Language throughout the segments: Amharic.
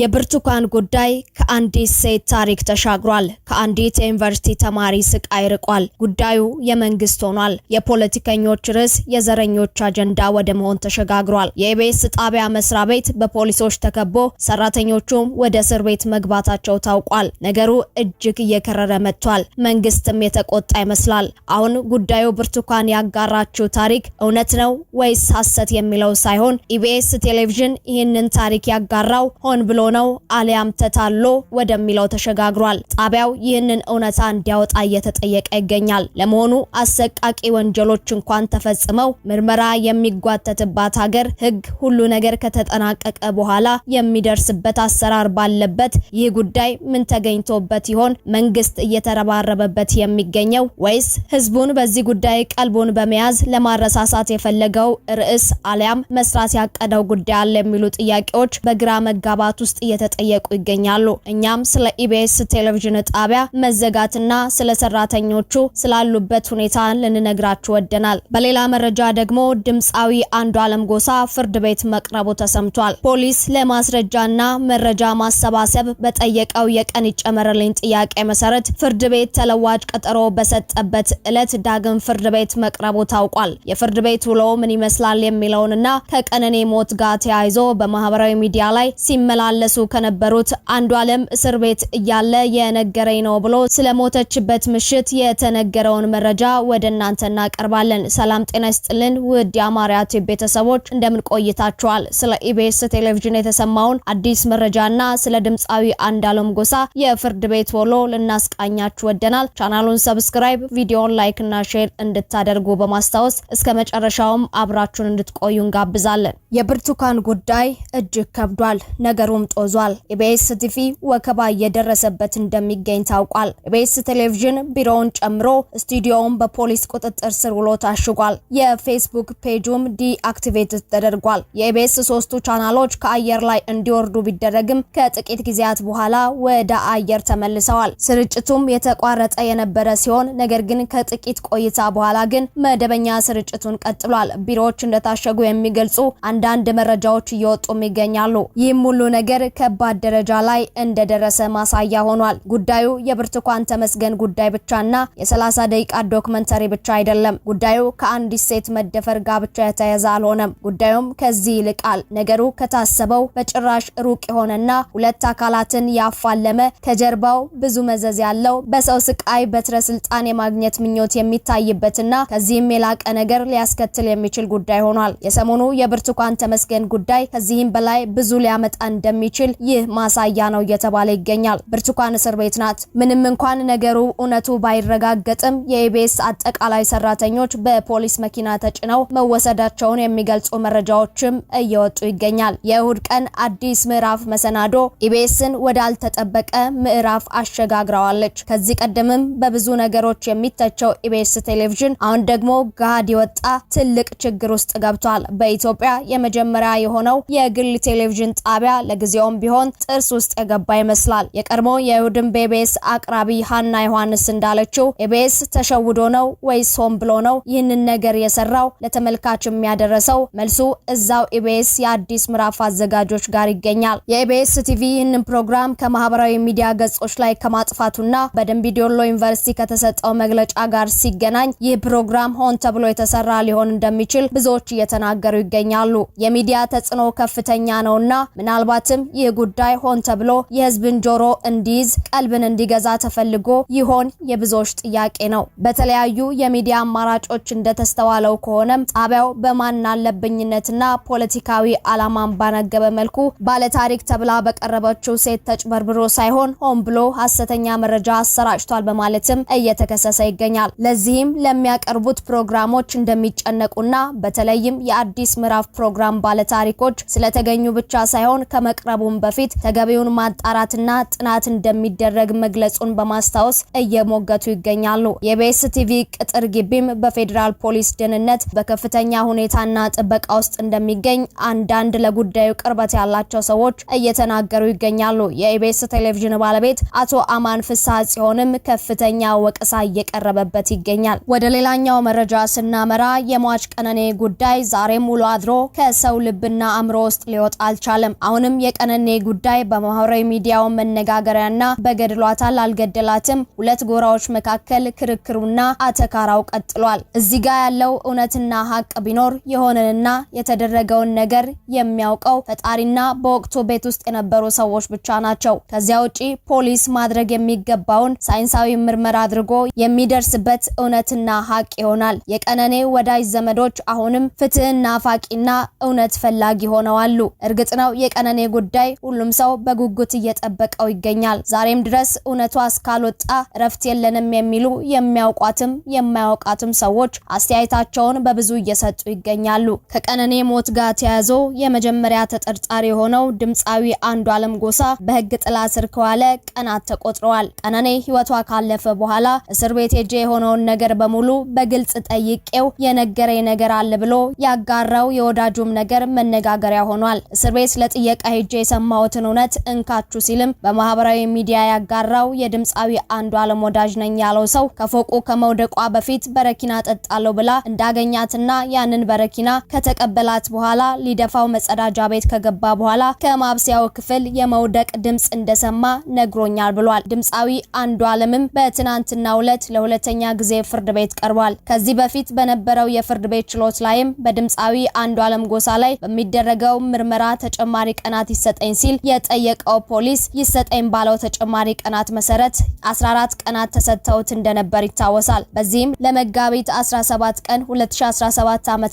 የብርቱካን ጉዳይ ከአንዲት ሴት ታሪክ ተሻግሯል። ከአንዲት የዩኒቨርሲቲ ተማሪ ስቃይ ርቋል። ጉዳዩ የመንግስት ሆኗል። የፖለቲከኞች ርዕስ፣ የዘረኞች አጀንዳ ወደ መሆን ተሸጋግሯል። የኢቢኤስ ጣቢያ መስሪያ ቤት በፖሊሶች ተከቦ ሰራተኞቹም ወደ እስር ቤት መግባታቸው ታውቋል። ነገሩ እጅግ እየከረረ መጥቷል። መንግስትም የተቆጣ ይመስላል። አሁን ጉዳዩ ብርቱካን ያጋራችው ታሪክ እውነት ነው ወይስ ሐሰት የሚለው ሳይሆን ኢቢኤስ ቴሌቪዥን ይህንን ታሪክ ያጋራው ሆን ብሎ ተጥሎ ነው አሊያም ተታሎ ወደሚለው ተሸጋግሯል። ጣቢያው ይህንን እውነታ እንዲያወጣ እየተጠየቀ ይገኛል። ለመሆኑ አሰቃቂ ወንጀሎች እንኳን ተፈጽመው ምርመራ የሚጓተትባት ሀገር ሕግ ሁሉ ነገር ከተጠናቀቀ በኋላ የሚደርስበት አሰራር ባለበት ይህ ጉዳይ ምን ተገኝቶበት ይሆን መንግስት እየተረባረበበት የሚገኘው ወይስ ህዝቡን በዚህ ጉዳይ ቀልቡን በመያዝ ለማረሳሳት የፈለገው ርዕስ አሊያም መስራት ያቀደው ጉዳይ አለ የሚሉ ጥያቄዎች በግራ መጋባት ውስጥ ውስጥ እየተጠየቁ ይገኛሉ። እኛም ስለ ኢቢኤስ ቴሌቪዥን ጣቢያ መዘጋትና ስለ ሰራተኞቹ ስላሉበት ሁኔታ ልንነግራችሁ ወደናል። በሌላ መረጃ ደግሞ ድምፃዊ አንዱ አለም ጎሳ ፍርድ ቤት መቅረቡ ተሰምቷል። ፖሊስ ለማስረጃና መረጃ ማሰባሰብ በጠየቀው የቀን ይጨመርልኝ ጥያቄ መሰረት ፍርድ ቤት ተለዋጭ ቀጠሮ በሰጠበት ዕለት ዳግም ፍርድ ቤት መቅረቡ ታውቋል። የፍርድ ቤት ውሎ ምን ይመስላል የሚለውንና ከቀነኔ ሞት ጋር ተያይዞ በማህበራዊ ሚዲያ ላይ ሲመላለ ሲመላለሱ ከነበሩት አንዱ አለም እስር ቤት እያለ የነገረኝ ነው ብሎ ስለሞተችበት ምሽት የተነገረውን መረጃ ወደ እናንተ እናቀርባለን። ሰላም ጤና ይስጥልን ውድ የአማርያ ቲዩብ ቤተሰቦች እንደምን ቆይታችኋል? ስለ ኢቢኤስ ቴሌቪዥን የተሰማውን አዲስ መረጃና ስለ ድምፃዊ አንድ አለም ጎሳ የፍርድ ቤት ውሎ ልናስቃኛችሁ ወደናል። ቻናሉን ሰብስክራይብ፣ ቪዲዮን ላይክ እና ሼር እንድታደርጉ በማስታወስ እስከ መጨረሻውም አብራችሁን እንድትቆዩ እንጋብዛለን። የብርቱካን ጉዳይ እጅግ ከብዷል። ነገሩም ጦዟል። ኢቢኤስ ቲቪ ወከባ እየደረሰበት እንደሚገኝ ታውቋል። ኢቢኤስ ቴሌቪዥን ቢሮውን ጨምሮ ስቱዲዮውን በፖሊስ ቁጥጥር ስር ውሎ ታሽጓል። የፌስቡክ ፔጁም ዲአክቲቬት ተደርጓል። የኢቢኤስ ሶስቱ ቻናሎች ከአየር ላይ እንዲወርዱ ቢደረግም ከጥቂት ጊዜያት በኋላ ወደ አየር ተመልሰዋል። ስርጭቱም የተቋረጠ የነበረ ሲሆን ነገር ግን ከጥቂት ቆይታ በኋላ ግን መደበኛ ስርጭቱን ቀጥሏል። ቢሮዎች እንደታሸጉ የሚገልጹ አንዳንድ መረጃዎች እየወጡም ይገኛሉ። ይህም ሁሉ ነገር ነገር ከባድ ደረጃ ላይ እንደደረሰ ማሳያ ሆኗል። ጉዳዩ የብርቱካን ተመስገን ጉዳይ ብቻና የ30 ደቂቃ ዶክመንተሪ ብቻ አይደለም። ጉዳዩ ከአንዲት ሴት መደፈር ጋር ብቻ የተያዘ አልሆነም። ጉዳዩም ከዚህ ይልቃል። ነገሩ ከታሰበው በጭራሽ ሩቅ የሆነና ሁለት አካላትን ያፋለመ ከጀርባው ብዙ መዘዝ ያለው በሰው ስቃይ በትረ ስልጣን የማግኘት ምኞት የሚታይበትና ከዚህም የላቀ ነገር ሊያስከትል የሚችል ጉዳይ ሆኗል። የሰሞኑ የብርቱካን ተመስገን ጉዳይ ከዚህም በላይ ብዙ ሊያመጣ እንደሚ እንደሚችል ይህ ማሳያ ነው እየተባለ ይገኛል። ብርቱካን እስር ቤት ናት። ምንም እንኳን ነገሩ እውነቱ ባይረጋገጥም የኢቢኤስ አጠቃላይ ሰራተኞች በፖሊስ መኪና ተጭነው መወሰዳቸውን የሚገልጹ መረጃዎችም እየወጡ ይገኛል። የእሁድ ቀን አዲስ ምዕራፍ መሰናዶ ኢቢኤስን ወዳልተጠበቀ ምዕራፍ አሸጋግረዋለች። ከዚህ ቀደምም በብዙ ነገሮች የሚተቸው ኢቢኤስ ቴሌቪዥን አሁን ደግሞ ገሃድ የወጣ ትልቅ ችግር ውስጥ ገብቷል። በኢትዮጵያ የመጀመሪያ የሆነው የግል ቴሌቪዥን ጣቢያ ለጊዜው ጊዜውም ቢሆን ጥርስ ውስጥ የገባ ይመስላል። የቀድሞ የይሁድን በኢቢኤስ አቅራቢ ሀና ዮሐንስ እንዳለችው ኢቢኤስ ተሸውዶ ነው ወይስ ሆን ብሎ ነው ይህንን ነገር የሰራው ለተመልካች የሚያደረሰው? መልሱ እዛው ኢቢኤስ የአዲስ ምዕራፍ አዘጋጆች ጋር ይገኛል። የኢቢኤስ ቲቪ ይህንን ፕሮግራም ከማህበራዊ ሚዲያ ገጾች ላይ ከማጥፋቱና በደምቢዶሎ ዩኒቨርሲቲ ከተሰጠው መግለጫ ጋር ሲገናኝ ይህ ፕሮግራም ሆን ተብሎ የተሰራ ሊሆን እንደሚችል ብዙዎች እየተናገሩ ይገኛሉ። የሚዲያ ተጽዕኖ ከፍተኛ ነውና ምናልባትም ይህ ጉዳይ ሆን ተብሎ የህዝብን ጆሮ እንዲይዝ ቀልብን እንዲገዛ ተፈልጎ ይሆን የብዙዎች ጥያቄ ነው። በተለያዩ የሚዲያ አማራጮች እንደተስተዋለው ከሆነም ጣቢያው በማናለብኝነትና ፖለቲካዊ አላማን ባነገበ መልኩ ባለታሪክ ተብላ በቀረበችው ሴት ተጭበርብሮ ሳይሆን ሆን ብሎ ሀሰተኛ መረጃ አሰራጭቷል በማለትም እየተከሰሰ ይገኛል። ለዚህም ለሚያቀርቡት ፕሮግራሞች እንደሚጨነቁና በተለይም የአዲስ ምዕራፍ ፕሮግራም ባለታሪኮች ስለተገኙ ብቻ ሳይሆን ከመቅረ ከመቅረቡም በፊት ተገቢውን ማጣራትና ጥናት እንደሚደረግ መግለጹን በማስታወስ እየሞገቱ ይገኛሉ። የቤስ ቲቪ ቅጥር ግቢም በፌዴራል ፖሊስ ደህንነት በከፍተኛ ሁኔታና ጥበቃ ውስጥ እንደሚገኝ አንዳንድ ለጉዳዩ ቅርበት ያላቸው ሰዎች እየተናገሩ ይገኛሉ። የኢቢኤስ ቴሌቪዥን ባለቤት አቶ አማን ፍስሐ ሲሆንም ከፍተኛ ወቀሳ እየቀረበበት ይገኛል። ወደ ሌላኛው መረጃ ስናመራ የሟች ቀነኔ ጉዳይ ዛሬም ውሎ አድሮ ከሰው ልብና አእምሮ ውስጥ ሊወጣ አልቻለም። አሁንም ቀነኔ ጉዳይ በማህበራዊ ሚዲያው መነጋገሪያና በገድሏታል አልገደላትም ሁለት ጎራዎች መካከል ክርክሩና አተካራው ቀጥሏል። እዚህ ጋር ያለው እውነትና ሀቅ ቢኖር የሆነንና የተደረገውን ነገር የሚያውቀው ፈጣሪና በወቅቱ ቤት ውስጥ የነበሩ ሰዎች ብቻ ናቸው። ከዚያ ውጪ ፖሊስ ማድረግ የሚገባውን ሳይንሳዊ ምርመራ አድርጎ የሚደርስበት እውነትና ሀቅ ይሆናል። የቀነኔ ወዳጅ ዘመዶች አሁንም ፍትህና ፋቂና እውነት ፈላጊ ሆነዋሉ። እርግጥ ነው የቀነኔ ጉዳይ ጉዳይ ሁሉም ሰው በጉጉት እየጠበቀው ይገኛል። ዛሬም ድረስ እውነቷ እስካልወጣ እረፍት የለንም የሚሉ የሚያውቋትም የማያውቃትም ሰዎች አስተያየታቸውን በብዙ እየሰጡ ይገኛሉ። ከቀነኔ ሞት ጋር ተያይዞ የመጀመሪያ ተጠርጣሪ የሆነው ድምፃዊ አንዷለም ጎሳ በሕግ ጥላ ስር ከዋለ ቀናት ተቆጥረዋል። ቀነኔ ህይወቷ ካለፈ በኋላ እስር ቤት ሄጄ የሆነውን ነገር በሙሉ በግልጽ ጠይቄው የነገረኝ ነገር አለ ብሎ ያጋራው የወዳጁም ነገር መነጋገሪያ ሆኗል። እስር ቤት ለጥየቃ ሄጄ የሰማሁትን እውነት እንካችሁ ሲልም በማህበራዊ ሚዲያ ያጋራው የድምፃዊ አንዱ አለም ወዳጅ ነኝ ያለው ሰው ከፎቁ ከመውደቋ በፊት በረኪና ጠጣለሁ ብላ እንዳገኛትና ያንን በረኪና ከተቀበላት በኋላ ሊደፋው መጸዳጃ ቤት ከገባ በኋላ ከማብሰያው ክፍል የመውደቅ ድምፅ እንደሰማ ነግሮኛል ብሏል። ድምፃዊ አንዱ አለምም በትናንትናው ዕለት ለሁለተኛ ጊዜ ፍርድ ቤት ቀርቧል። ከዚህ በፊት በነበረው የፍርድ ቤት ችሎት ላይም በድምፃዊ አንዱ አለም ጎሳ ላይ በሚደረገው ምርመራ ተጨማሪ ቀናት ይሰ ይሰጠኝ ሲል የጠየቀው ፖሊስ ይሰጠኝ ባለው ተጨማሪ ቀናት መሰረት 14 ቀናት ተሰጥተውት እንደነበር ይታወሳል። በዚህም ለመጋቢት 17 ቀን 2017 ዓ.ም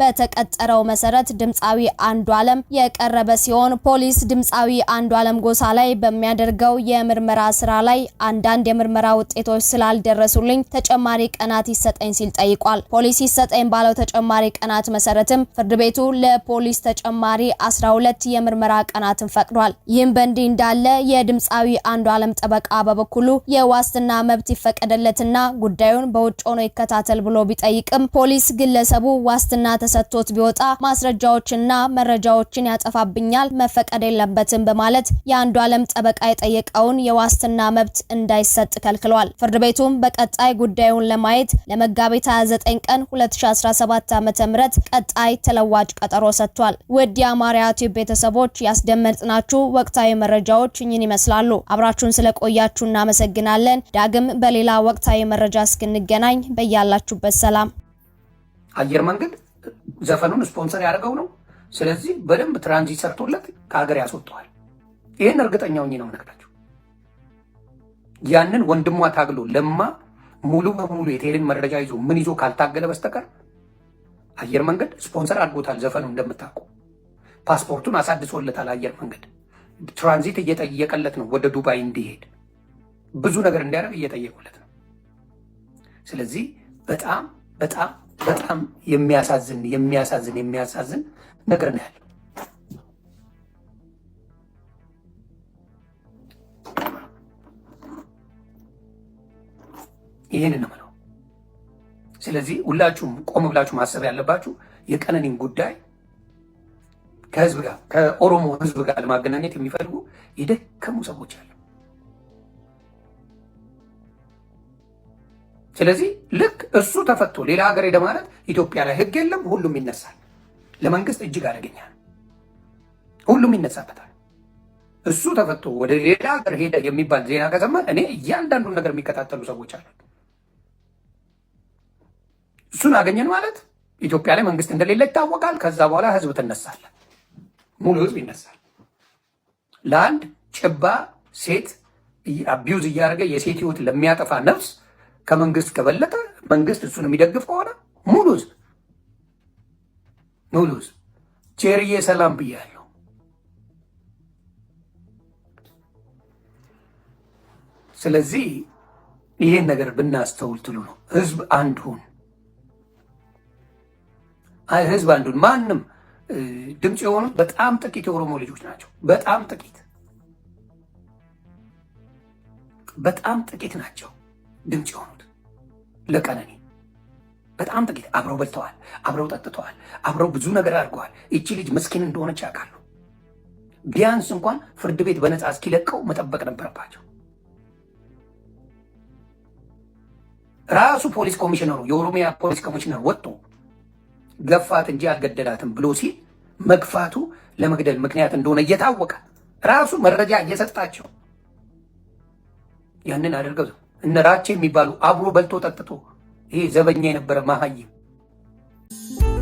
በተቀጠረው መሰረት ድምፃዊ አንዱ አለም የቀረበ ሲሆን ፖሊስ ድምፃዊ አንዱ አለም ጎሳ ላይ በሚያደርገው የምርመራ ስራ ላይ አንዳንድ የምርመራ ውጤቶች ስላልደረሱልኝ ተጨማሪ ቀናት ይሰጠኝ ሲል ጠይቋል። ፖሊስ ይሰጠኝ ባለው ተጨማሪ ቀናት መሰረትም ፍርድ ቤቱ ለፖሊስ ተጨማሪ 12 የምርመራ ቀናትን ፈቅዷል። ይህም በእንዲህ እንዳለ የድምፃዊ አንዱ ዓለም ጠበቃ በበኩሉ የዋስትና መብት ይፈቀደለትና ጉዳዩን በውጭ ሆኖ ይከታተል ብሎ ቢጠይቅም ፖሊስ ግለሰቡ ዋስትና ተሰጥቶት ቢወጣ ማስረጃዎችና መረጃዎችን ያጠፋብኛል፣ መፈቀድ የለበትም በማለት የአንዱ ዓለም ጠበቃ የጠየቀውን የዋስትና መብት እንዳይሰጥ ከልክሏል። ፍርድ ቤቱም በቀጣይ ጉዳዩን ለማየት ለመጋቢት 29 ቀን 2017 ዓ.ም ቀጣይ ተለዋጭ ቀጠሮ ሰጥቷል። ውድ የአማርያ ቲዩብ ቤተሰቦች ደመን ናችሁ ወቅታዊ መረጃዎች እኝን ይመስላሉ። አብራችሁን ስለቆያችሁ እናመሰግናለን። ዳግም በሌላ ወቅታዊ መረጃ እስክንገናኝ በያላችሁበት ሰላም። አየር መንገድ ዘፈኑን ስፖንሰር ያደርገው ነው። ስለዚህ በደንብ ትራንዚት ሰርቶለት ከሀገር ያስወጠዋል። ይህን እርግጠኛው እኚህ ነው ነግራችሁ ያንን ወንድሟ ታግሎ ለማ ሙሉ በሙሉ የቴሌን መረጃ ይዞ ምን ይዞ ካልታገለ በስተቀር አየር መንገድ ስፖንሰር አድርጎታል። ዘፈኑ እንደምታውቁ ፓስፖርቱን አሳድሶለታል። አየር መንገድ ትራንዚት እየጠየቀለት ነው፣ ወደ ዱባይ እንዲሄድ ብዙ ነገር እንዲያደርግ እየጠየቁለት ነው። ስለዚህ በጣም በጣም በጣም የሚያሳዝን የሚያሳዝን የሚያሳዝን ነገር ነው ያለው። ይህን ነው ስለዚህ ሁላችሁም ቆም ብላችሁ ማሰብ ያለባችሁ የቀነኒን ጉዳይ ከህዝብ ጋር ከኦሮሞ ህዝብ ጋር ለማገናኘት የሚፈልጉ የደከሙ ሰዎች አሉ። ስለዚህ ልክ እሱ ተፈቶ ሌላ ሀገር ሄደ ማለት ኢትዮጵያ ላይ ህግ የለም፣ ሁሉም ይነሳል። ለመንግስት እጅግ አደገኛ ነው። ሁሉም ይነሳበታል። እሱ ተፈቶ ወደ ሌላ ሀገር ሄደ የሚባል ዜና ከሰማ እኔ እያንዳንዱን ነገር የሚከታተሉ ሰዎች አሉ። እሱን አገኘን ማለት ኢትዮጵያ ላይ መንግስት እንደሌለ ይታወቃል። ከዛ በኋላ ህዝብ ትነሳለን። ሙሉ ህዝብ ይነሳል። ለአንድ ጨባ ሴት አቢዩዝ እያደረገ የሴት ህይወት ለሚያጠፋ ነፍስ ከመንግስት ከበለጠ መንግስት እሱን የሚደግፍ ከሆነ ሙሉ ህዝብ ሙሉ ህዝብ ቼርዬ ሰላም ብያለሁ። ስለዚህ ይህን ነገር ብናስተውል ትሉ ነው። ህዝብ አንድ ሁን፣ ህዝብ አንድ ሁን። ማንም ድምፅ የሆኑት በጣም ጥቂት የኦሮሞ ልጆች ናቸው። በጣም ጥቂት በጣም ጥቂት ናቸው ድምፅ የሆኑት ለቀነኒ በጣም ጥቂት። አብረው በልተዋል፣ አብረው ጠጥተዋል፣ አብረው ብዙ ነገር አድርገዋል። ይቺ ልጅ ምስኪን እንደሆነች ያውቃሉ። ቢያንስ እንኳን ፍርድ ቤት በነፃ እስኪለቀው መጠበቅ ነበረባቸው። ራሱ ፖሊስ ኮሚሽነሩ የኦሮሚያ ፖሊስ ኮሚሽነር ወጥቶ ገፋት እንጂ አልገደላትም ብሎ ሲል መግፋቱ ለመግደል ምክንያት እንደሆነ እየታወቀ ራሱ መረጃ እየሰጣቸው ያንን አድርገው እነ ራቼ የሚባሉ አብሮ በልቶ ጠጥቶ ይሄ ዘበኛ የነበረ መሀይም